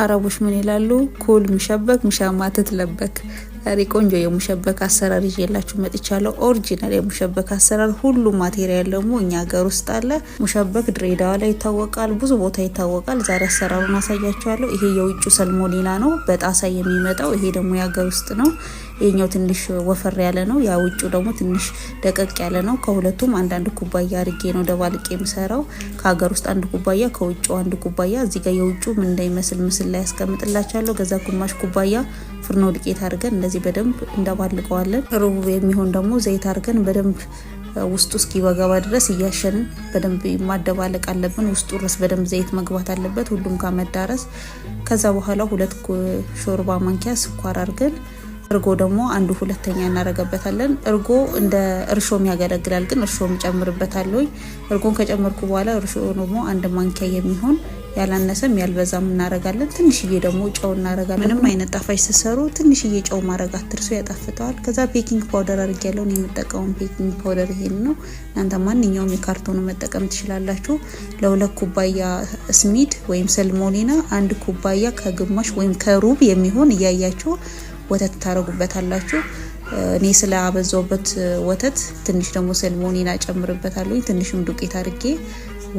አረቦች ምን ይላሉ? ኩል ምሸበክ ምሻማ ትትለበክ ዛሬ ቆንጆ የሙሸበክ አሰራር ይዤላችሁ መጥቻለሁ። ኦሪጂናል የሙሸበክ አሰራር ሁሉ ማቴሪያል ደግሞ እኛ ሀገር ውስጥ አለ። ሙሸበክ ድሬዳዋ ላይ ይታወቃል፣ ብዙ ቦታ ይታወቃል። ዛሬ አሰራሩን አሳያችኋለሁ። ይሄ የውጭ ሰልሞኔላ ነው በጣሳ የሚመጣው። ይሄ ደግሞ የሀገር ውስጥ ነው። ይሄኛው ትንሽ ወፈር ያለ ነው፣ ያ ውጩ ደግሞ ትንሽ ደቀቅ ያለ ነው። ከሁለቱም አንዳንድ ኩባያ አርጌ ነው ደባልቄ የምሰራው። ከሀገር ውስጥ አንድ ኩባያ፣ ከውጭ አንድ ኩባያ። እዚህ ጋር የውጩ ምን እንዳይመስል ምስል ላይ ያስቀምጥላችኋለሁ። ከዛ ግማሽ ኩባያ ፍርኖ ዱቄት አድርገን እንደዚህ በደንብ እንደባልቀዋለን። ሩብ የሚሆን ደግሞ ዘይት አድርገን በደንብ ውስጡ እስኪወገባ ድረስ እያሸንን በደንብ ማደባለቅ አለብን። ውስጡ ድረስ በደንብ ዘይት መግባት አለበት፣ ሁሉም ጋር መዳረስ። ከዛ በኋላ ሁለት ሾርባ ማንኪያ ስኳር አድርገን እርጎ ደግሞ አንዱ ሁለተኛ እናደረገበታለን። እርጎ እንደ እርሾም ያገለግላል፣ ግን እርሾም ጨምርበታለሁ። እርጎን ከጨመርኩ በኋላ እርሾ ደግሞ አንድ ማንኪያ የሚሆን ያላነሰም ያልበዛም እናረጋለን። ትንሽዬ ደግሞ ጨው እናረጋለን። ምንም አይነት ጣፋጭ ስትሰሩ ትንሽዬ ጨው ማድረግ አትርሱ፣ ያጣፍጠዋል። ከዛ ቤኪንግ ፓውደር አድርግ ያለውን የምጠቀመው ቤኪንግ ፓውደር ይሄን ነው። እናንተ ማንኛውም የካርቶኑ መጠቀም ትችላላችሁ። ለሁለት ኩባያ ስሚድ ወይም ሰልሞኒና አንድ ኩባያ ከግማሽ ወይም ከሩብ የሚሆን እያያችሁ ወተት ታደረጉበታላችሁ። እኔ ስለ አበዛውበት ወተት ትንሽ ደግሞ ሰልሞኒና ጨምርበታለሁ። ትንሽም ዱቄት አድርጌ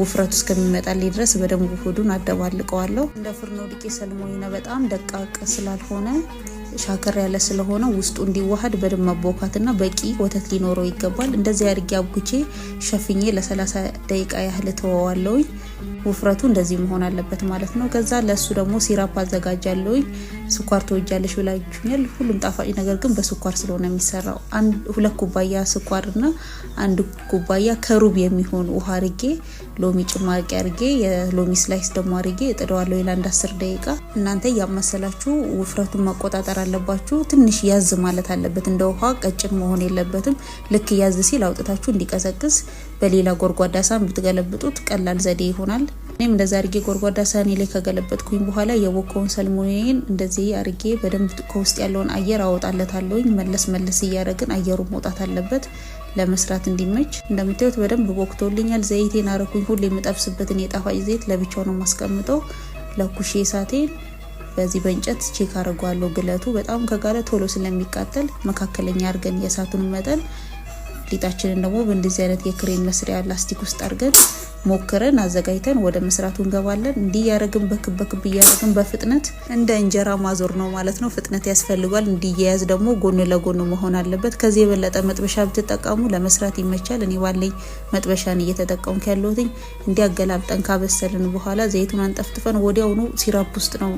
ውፍረቱ እስከሚመጣልኝ ድረስ በደንብ ሆዱን አደባልቀዋለሁ። እንደ ፍርኖ ዱቄ ሰልሞይነ በጣም ደቃቅ ስላልሆነ ሻከር ያለ ስለሆነ ውስጡ እንዲዋሃድ በደንብ መቦካትና በቂ ወተት ሊኖረው ይገባል። እንደዚህ አድርጌ አብኩቼ ሸፍኜ ለ30 ደቂቃ ያህል ተወዋለውኝ። ውፍረቱ እንደዚህ መሆን አለበት ማለት ነው። ከዛ ለእሱ ደግሞ ሲራፕ አዘጋጃለውኝ። ስኳር ተወጃለሽ ብላችሁኛል። ሁሉም ጣፋጭ ነገር ግን በስኳር ስለሆነ የሚሰራው ሁለት ኩባያ ስኳር እና አንድ ኩባያ ከሩብ የሚሆን ውሃ አርጌ ሎሚ ጭማቂ አርጌ የሎሚ ስላይስ ደግሞ አርጌ እጥደዋለሁ ለአንድ አስር ደቂቃ። እናንተ እያመሰላችሁ ውፍረቱን መቆጣጠር አለባችሁ። ትንሽ ያዝ ማለት አለበት፣ እንደ ውሃ ቀጭን መሆን የለበትም። ልክ ያዝ ሲል አውጥታችሁ እንዲቀዘቅዝ በሌላ ጎድጓዳ ሳህን ብትገለብጡት ቀላል ዘዴ ይሆናል። እኔም እንደዚ አርጌ ጎርጓዳ ሳህኔ ላይ ከገለበጥኩኝ በኋላ የቦካውን ሰልሞኔን እንደዚህ አርጌ በደንብ ከውስጥ ያለውን አየር አወጣለታለሁኝ። መለስ መለስ እያደረግን አየሩ መውጣት አለበት ለመስራት እንዲመች። እንደምታዩት በደንብ ቦክቶልኛል። ዘይቴን አረኩኝ። ሁሌ የምጠብስበትን የጣፋጭ ዘይት ለብቻው ነው ማስቀምጠው። ለኩሼ ሳቴን በዚህ በእንጨት ቼክ አድርጓለሁ። ግለቱ በጣም ከጋለ ቶሎ ስለሚቃጠል መካከለኛ አድርገን የእሳቱን መጠን ጌጣችንን ደግሞ በእንደዚህ አይነት የክሬም መስሪያ ላስቲክ ውስጥ አድርገን ሞክረን አዘጋጅተን ወደ መስራቱ እንገባለን። እንዲህ ያደረግን በክብ በክብ እያደረግን በፍጥነት እንደ እንጀራ ማዞር ነው ማለት ነው። ፍጥነት ያስፈልጓል። እንዲያያዝ ደግሞ ጎን ለጎን መሆን አለበት። ከዚህ የበለጠ መጥበሻ ብትጠቀሙ ለመስራት ይመቻል። እኔ ባለኝ መጥበሻን እየተጠቀምኩ ያለሁትኝ። እንዲያገላብጠን ካበሰልን በኋላ ዘይቱን አንጠፍጥፈን ወዲያውኑ ሲራፕ ውስጥ ነው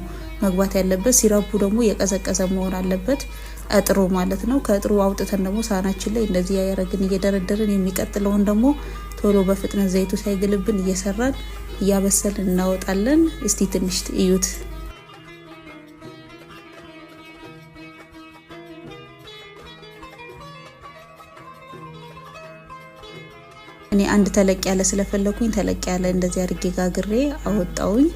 መግባት ያለበት። ሲራፑ ደግሞ የቀዘቀዘ መሆን አለበት። እጥሩ ማለት ነው። ከእጥሩ አውጥተን ደግሞ ሳህናችን ላይ እንደዚህ ያደረግን እየደረደርን የሚቀጥለውን ደግሞ ቶሎ በፍጥነት ዘይቱ ሳይግልብን እየሰራን እያበሰልን እናወጣለን። እስቲ ትንሽ እዩት። እኔ አንድ ተለቅ ያለ ስለፈለኩኝ ተለቅ ያለ እንደዚህ አድርጌ ጋግሬ አወጣውኝ።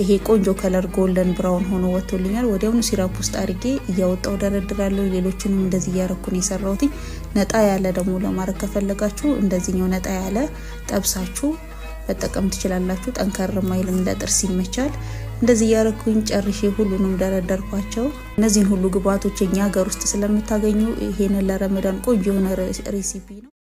ይሄ ቆንጆ ከለር ጎልደን ብራውን ሆኖ ወጥቶልኛል። ወዲያውኑ ሲራፕ ውስጥ አድርጌ እያወጣው ደረድራለሁ። ሌሎችንም እንደዚህ እያረኩን የሰራውትኝ። ነጣ ያለ ደግሞ ለማድረግ ከፈለጋችሁ እንደዚህኛው ነጣ ያለ ጠብሳችሁ መጠቀም ትችላላችሁ። ጠንከር ማይልም ለጥርስ ይመቻል። እንደዚህ እያረኩኝ ጨርሼ ሁሉንም ደረደርኳቸው። እነዚህን ሁሉ ግብአቶች እኛ ሀገር ውስጥ ስለምታገኙ ይሄንን ለረመዳን ቆንጆ የሆነ ሬሲፒ ነው።